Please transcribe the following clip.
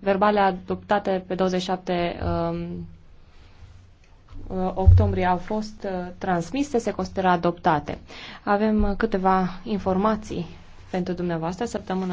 verbale adoptate pe 27 um, uh, octombrie au fost uh, transmise, se consideră adoptate. Avem uh, câteva informații pentru dumneavoastră săptămâna